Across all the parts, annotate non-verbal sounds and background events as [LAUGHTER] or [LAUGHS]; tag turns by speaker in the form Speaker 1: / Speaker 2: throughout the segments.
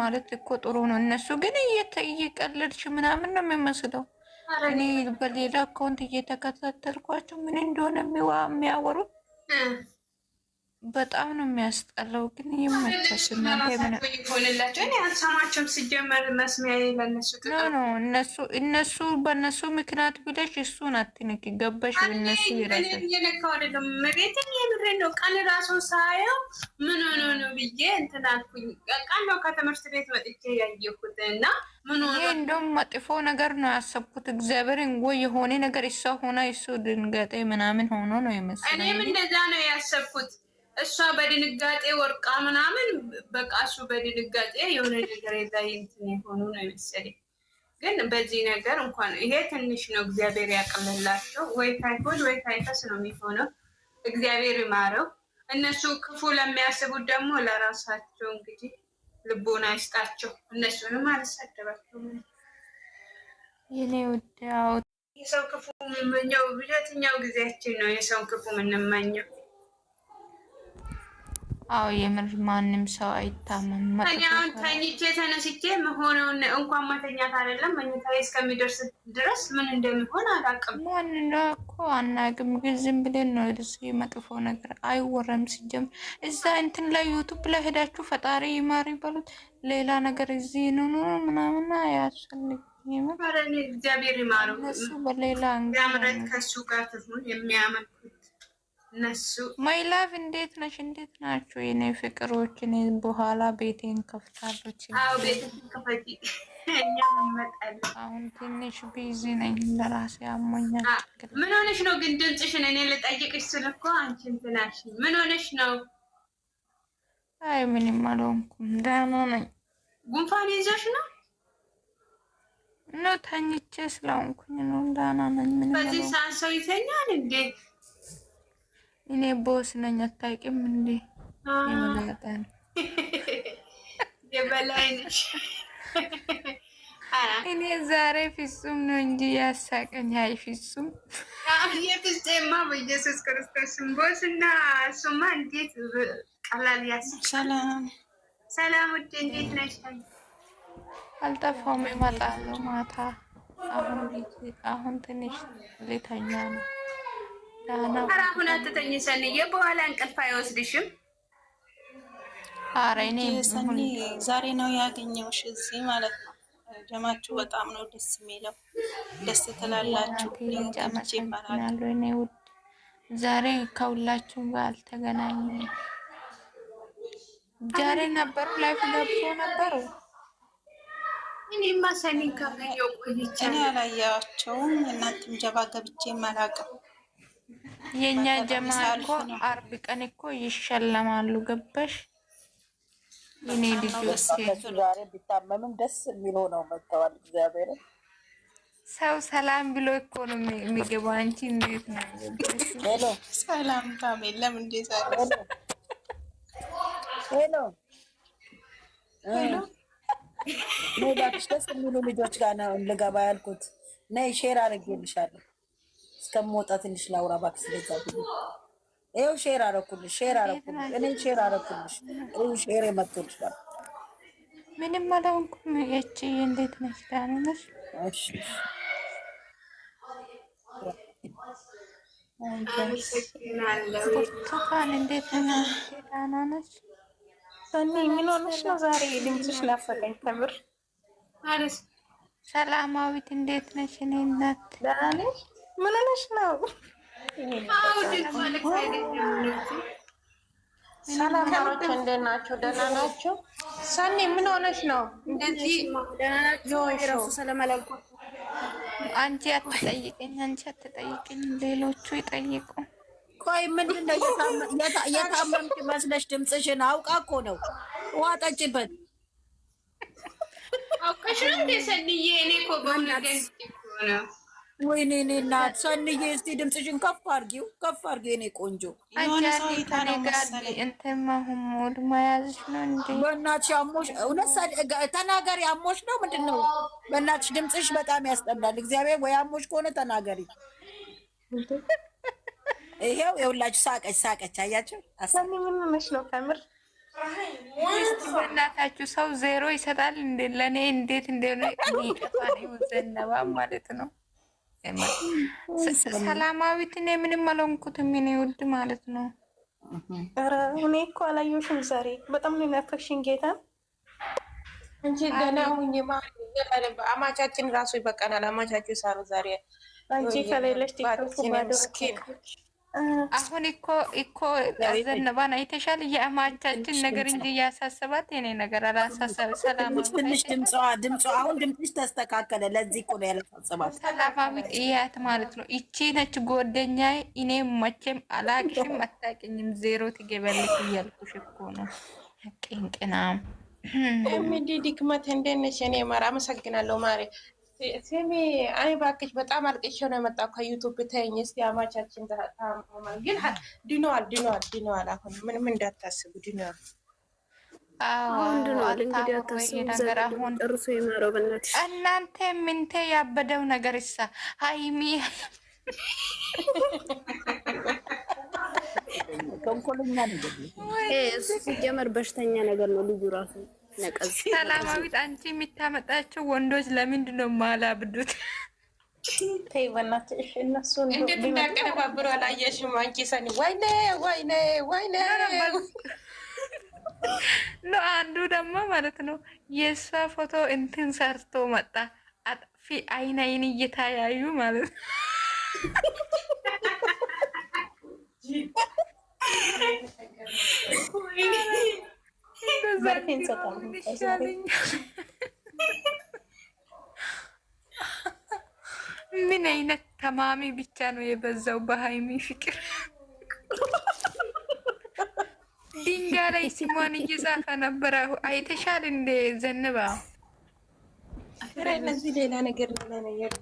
Speaker 1: ማለት እኮ ጥሩ ነው። እነሱ ግን እየቀለድሽ ምናምን ነው የሚመስለው። እኔ በሌላ አካውንት እየተከታተልኳቸው ምን እንደሆነ የሚያወሩት በጣም ነው የሚያስጠላው። ግን ይመቻች
Speaker 2: እናንተሆንላቸውአልሰማቸውም ሲጀመር መስሚያ
Speaker 1: እነሱ እነሱ በእነሱ ምክንያት ብለሽ እሱን አትንክ ገበሽ እነሱ ይራሳል
Speaker 2: ነው። ቀን ራሱ ሳየው ምን ሆኖ ነው ብዬ እንትናልኩኝ። ቀን ነው ከትምህርት ቤት መጥቼ ያየኩት እና ይህ
Speaker 1: እንደውም መጥፎ ነገር ነው ያሰብኩት። እግዚአብሔርን ወይ የሆነ ነገር እሷ ሆና እሱ ድንገጤ ምናምን ሆኖ ነው ይመስላል።
Speaker 2: እኔም እንደዛ ነው ያሰብኩት። እሷ በድንጋጤ ወርቃ ምናምን በቃ እሱ በድንጋጤ የሆነ ነገር የላይ እንትን የሆኑ ነው የመሰለኝ። ግን በዚህ ነገር እንኳን ይሄ ትንሽ ነው። እግዚአብሔር ያቅልላቸው። ወይ ታይፎድ ወይ ታይፈስ ነው የሚሆነው። እግዚአብሔር ይማረው። እነሱ ክፉ ለሚያስቡት ደግሞ ለራሳቸው እንግዲህ ልቦና ይስጣቸው። እነሱንም አልሰደባቸውም።
Speaker 1: ይኔ ውዳው
Speaker 2: የሰው ክፉ የምመኘው የትኛው ጊዜያችን ነው የሰውን ክፉ የምንመኘው?
Speaker 1: አዎ የምር ማንም ሰው አይታመም። ተኛውን
Speaker 2: ተኝቼ ተነስቼ መሆነውን እንኳን መተኛት አይደለም መኝታ እስከሚደርስ ድረስ ምን እንደሚሆን አላውቅም።
Speaker 1: ማን እኮ አናውቅም፣ ግን ዝም ብለን ነው ደስ መጥፎ ነገር አይወረም። ሲጀምር እዛ እንትን ላይ ዩቱብ ላይ ሄዳችሁ ፈጣሪ ይማር ይበሉት። ሌላ ነገር እዚህ ኑኑ ምናምን አያስፈልግም።
Speaker 2: እግዚአብሔር ይማሩ
Speaker 1: እሱ በሌላ
Speaker 2: እንግዲህ ከሱ ጋር ትሁን የሚያመልኩት እነሱ
Speaker 1: ማይ ላቭ እንዴት ነሽ? እንዴት ናችሁ የኔ ፍቅሮች? እኔ በኋላ ቤቴን ከፍታለሁ።
Speaker 2: አዎ ቤቴን ከፈቲ፣ እኛም እንመጣለን።
Speaker 1: አሁን ትንሽ ቢዚ ነኝ፣ ለራሴ አሞኛል።
Speaker 2: ምን ሆነሽ ነው ግን ድምፅሽን? እኔ ልጠይቅሽ ስል እኮ አንቺ እንትናሽ ምን ሆነሽ ነው?
Speaker 1: አይ ምንም አልሆንኩም፣ ደህና ነኝ።
Speaker 2: ጉንፋን ይዘሽ ነው?
Speaker 1: ነው ተኝቼ ስለሆንኩኝ ነው፣ ደህና ነኝ። ምንም
Speaker 2: በዚህ ሰዓት ሰው ይተኛል እንዴ?
Speaker 1: እኔ ቦስ ነኝ አታውቂም እንዴ? የመለጠ [LAUGHS] ነው እኔ ዛሬ ፍጹም ነው እንጂ ያሳቀኝ። አይ ፍጹም
Speaker 2: የፍጹማ በኢየሱስ ክርስቶስ ቦስ እና እሱማ እንዴት ቀላል ያስ ሰላም ሰላም፣ ውድ እንዴት ነሽ?
Speaker 1: አልጠፋውም፣ እመጣለሁ ማታ። አሁን ትንሽ ልተኛ ነው።
Speaker 2: ኧረ አሁን አትተኝ ሰንዬ፣ በኋላ እንቅልፍ አይወስድሽም። ኧረ እኔ ሰኒ ዛሬ ነው ያገኘሁሽ እዚህ ማለት ነው። ጀማችሁ በጣም ነው ደስ የሚለው። ደስ ትላላችሁ።
Speaker 1: ዛሬ ከሁላችሁም ጋር አልተገናኘንም። ዛሬ ነበሩ ላይፍ ገብቶ ነበሩ።
Speaker 2: እኔማ ሰኒ ጋር እኔ አላየኋቸውም። እናንተም ጀባ ገብቼ አላውቅም
Speaker 1: የእኛ ጀማ እኮ አርብ ቀን እኮ ይሸለማሉ። ገባሽ? እኔ ልጆች
Speaker 2: ዛሬ ቢታመምም ደስ የሚል ነው መጥተዋል። እግዚአብሔር
Speaker 1: ሰው ሰላም ብሎ እኮ ነው የሚገባ። አንቺ እንዴት
Speaker 2: ነው? ሰላም ታም የለም እንዴት አለ ሄሎ ሄሎ ደስ የሚሉ ልጆች ጋር ነው ልገባ ያልኩት። ነይ ሼር አድርጌልሻለሁ እስከምወጣ ትንሽ ላውራ እባክሽ። ስለዛ ይኸው ሼር አደረኩልሽ፣ ሼር አደረኩልሽ፣ እኔ ሼር አደረኩልሽ። ይኸው ሼር የመጡልሽ
Speaker 1: ምንም አላውኩም። እቺ እንዴት ነሽ? ደህና ነሽ? እሺ ብርቱካን እንዴት ነሽ? ደህና ነሽ?
Speaker 2: ሰኒ ምን ሆነሽ ነው ዛሬ? ድምፅሽ ናፈቀኝ ከምር።
Speaker 1: ሰላማዊት እንዴት ነሽ? እኔ እናት
Speaker 2: ደህና ነሽ? ምን ሆነሽ ነው? እንዴት ናቸው? ደህና ናቸው። ሰኒ ምን ሆነሽ ነው
Speaker 1: አንቺ አትጠይቅኝ፣ አንቺ አትጠይቅኝ፣ ሌሎቹ ይጠይቁ።
Speaker 2: ቆይ ምንድን ነው የታመምሽ መስለሽ ድምፅሽን አውቃ እኮ ነው። ውሃ አውቀሽ ነው እንደ ሰኒዬ እኔ እኮ ነው ወይኔ እኔ እናት ሰንዬ፣ እስቲ ድምፅሽን ከፍ አድርጊው፣ ከፍ አድርጊው የኔ ቆንጆ።
Speaker 1: ነው እንዴ? በእናትሽ
Speaker 2: አሞሽ፣ እውነት ተናገሪ። አሞሽ ነው ምንድን ነው? በእናትሽ ድምፅሽ በጣም ያስጠላል። እግዚአብሔር ወይ አሞሽ ከሆነ ተናገሪ። ይሄው የሁላችሁ ሳቀች፣ ሳቀች። አያቸው
Speaker 1: ሰኒ ምን መስለው ከምር እናታችሁ ሰው ዜሮ ይሰጣል። ለእኔ እንዴት እንደሆነ ዘነባ ማለት ነው ሰላማዊትን የምንም አልሆንኩትም የኔ ውድ ማለት ነው።
Speaker 2: ኧረ እኔ እኮ አላየሁሽም ዛሬ በጣም ነው የሚያፈቅሽኝ ጌታ እንጂ ገና ሁኝ አማቻችን ራሱ ይበቃናል። አማቻችሁ ሳሩ ዛሬ
Speaker 1: አንቺ ከሌለሽ ቲክቶክ ባዶ አሁን እኮ እኮ ዘንባን አይተሻል። የአማቻችን ነገር እንጂ እያሳሰባት የኔ ነገር አላሳሰብ።
Speaker 2: ሰላማዊ ትንሽ ድምጿ ድምጿ አሁን ድምፅሽ ተስተካከለ። ለዚህ እኮ ነው
Speaker 1: ያላሳሰባት። ሰላማዊ ጥያት ማለት ነው። እቺ ነች ጎደኛ። እኔ መቼም አላቅሽም፣ አታቅኝም። ዜሮ ትገበልክ እያልኩሽ እኮ ነው። ቅንቅናም
Speaker 2: ሚዲ ድክመት እንዴት ነሽ? እኔ ማር አመሰግናለሁ ማሬ ስሚ አይ እባክሽ በጣም አልቅሼ ነው የመጣው ከዩቱብ ተይኝ። እስቲ አማቻችን ታማል ግን ድነዋል፣ ድነዋል፣ ድነዋል። አሁን ምንም እንዳታስቡ ድነዋል።
Speaker 1: እናንተ ምንቴ ያበደው ነገር ሳ ሀይሚ
Speaker 2: ተንኮለኛ ነገር ነው እሱ ሲጀመር በሽተኛ ነገር ነው ልጁ ራሱ
Speaker 1: ነቀዝ ሰላማዊት፣ አንቺ የሚታመጣቸው ወንዶች ለምንድን ነው የማላብዱት?
Speaker 2: ተይ በእናትሽ፣ እነሱ እንዴት እንዳቀነባብሮ አላየሽም አንቺ ሰኒ? ወይኔ ወይኔ ወይኔ
Speaker 1: ኖ አንዱ ደግሞ ማለት ነው የእሷ ፎቶ እንትን ሰርቶ መጣ። አጥፊ አይን አይን እየተያዩ ማለት ነው። ምን አይነት ተማሚ ብቻ ነው የበዛው በሀይሚ ፍቅር። ድንጋይ ላይ ስሟን እየጻፈ ነበረ። አይተሻል እንደ ዘንባ
Speaker 2: እነዚህ ሌላ ነገር ሌላ ነገር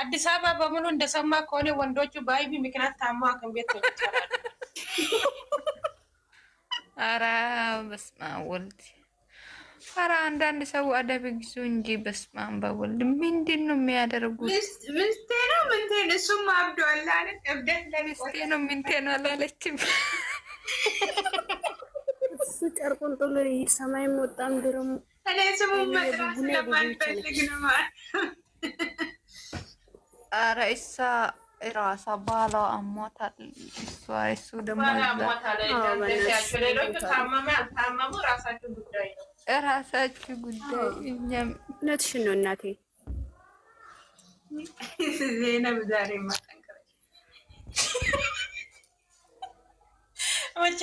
Speaker 2: አዲስ አበባ በሙሉ እንደሰማ ከሆነ ወንዶቹ በሀይሚ ምክንያት ታማ ሐኪም ቤት
Speaker 1: ኧረ በስመ አብ ወልድ። ኧረ አንዳንድ ሰው አደብ ግዙ እንጂ በስመ አብ በወልድ ምንድን ነው የሚያደርጉት?
Speaker 2: ምስቴ ነው ምንቴ ነው እሱም አብዷል አለ
Speaker 1: እብደት ለምስቴ ነው ምንቴ ነው አላለችም።
Speaker 2: እሱ ጨርቁን ጥሎ ሰማይም ወጣም ድሮም እኔ ስሙን መጥራት ስለማልፈልግ ነው ማለት
Speaker 1: እሳ ራሷ ባሏ አሟታል። እሷ እሱ ደግሞ
Speaker 2: ራሳችሁ ጉዳይ
Speaker 1: ነው፣ ራሳችሁ ጉዳይ።
Speaker 2: እኛም እውነትሽን ነው እናቴ። ዜነብ ዛሬ ማጠንከረች። ሰዎች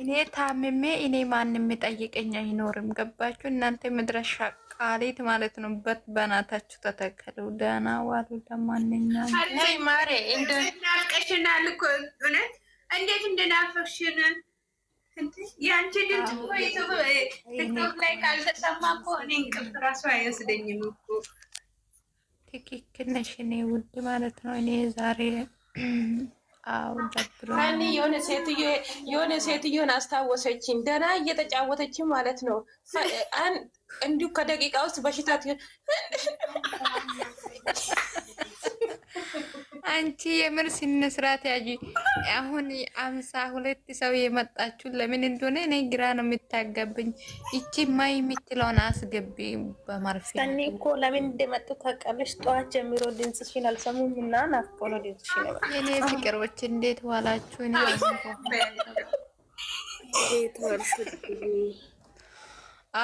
Speaker 1: እኔ ታምሜ እኔ ማንም የሚጠይቀኝ አይኖርም። ገባችሁ እናንተ ምድረሻ ቃሌት ማለት ነው። በት በናታችሁ ተተከሉ። ደህና ዋሉ።
Speaker 2: ለማንኛውም ማሬ እንደናፍቀሽናል እኮ እውነት፣ እንዴት እንደናፈቅሽን የአንቺ ድምፅ ቲክቶክ ላይ ካልተሰማ እኮ እኔ እንቅልፍ ራሱ አይወስደኝም እኮ።
Speaker 1: ትክክል ነሽ፣ እኔ ውድ ማለት ነው እኔ ዛሬ
Speaker 2: የሆነ ሴትዮን አስታወሰችኝ። ደህና እየተጫወተች ማለት ነው። እንዲሁ ከደቂቃ ውስጥ በሽታት
Speaker 1: አንቺ የምር ስነስርዓት ያጂ አሁን አምሳ ሁለት ሰው የመጣችሁ ለምን እንደሆነ እኔ ግራ ነው የምታጋብኝ። እቺ ማይ የምትለውን አስገቢ በማርፊ ሰኒ
Speaker 2: እኮ ለምን እንደመጡ ታውቃለች። ጠዋት ጀምሮ ድምፅሽን አልሰሙም እና ናፍቆ ነው ድምፅሽን።
Speaker 1: የኔ ፍቅሮች እንዴት ዋላችሁ?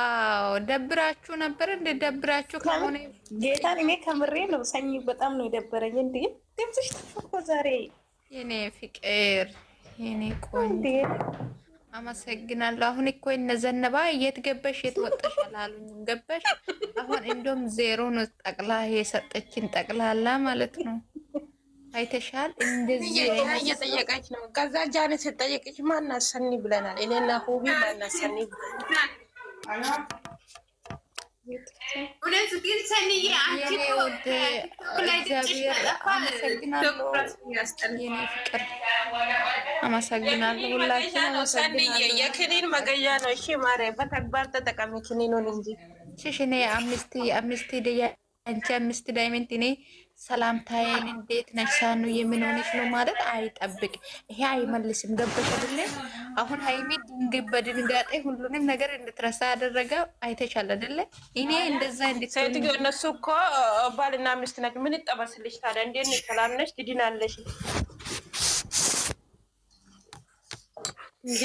Speaker 1: አዎ ደብራችሁ ነበር እንደ ደብራችሁ
Speaker 2: ከሆነ ጌታን እኔ ከምሬ ነው ሰኝ በጣም ነው የደበረኝ እንዴ ድምፅሽ ጠፋ እኮ ዛሬ።
Speaker 1: የኔ ፍቅር የኔ ቆንጆ አመሰግናለሁ። አሁን እኮ እነዘነባ የት ገበሽ የት ወጣሽ አላሉኝም። ገበሽ አሁን እንደውም ዜሮ ነው ጠቅላ የሰጠችን ጠቅላላ ማለት ነው። አይተሻል። እንደዚህ
Speaker 2: እየጠየቀች ነው። ከዛ ጃን ስትጠየቀች ማናሰኒ ብለናል። እኔና ሁቢ ማናሰኒ ብለናል። እውነት ግን ሰኒዬ
Speaker 1: አንቺ አመሰግናለሁ።
Speaker 2: ሁላችንም ሰኒዬ የክኒን መገኛ ነው። እሺ ማርያም በተግባር ተጠቀሚ ክኒኑን እንጂ
Speaker 1: ሽሽኔ አምስት አምስት አንቺ አምስት ዳይመንት እኔ ሰላምታዬን እንዴት ነሽ ሳኑ የምን ሆነሽ ነው ማለት አይጠብቅ። ይሄ አይመልስም። ገባሽ አይደለ? አሁን ሀይሚ ድንግ- በድንጋጤ ሁሉንም ነገር እንድትረሳ ያደረገ አይተሻል አይደለ? እኔ እንደዛ
Speaker 2: እንድትሰይትዮ እነሱ እኮ ባልና ሚስት ናቸው። ምን ይጠበስልሽ ታዲያ? እንዴት ነሽ? ሰላም ነሽ? ትድናለሽ እንዴ?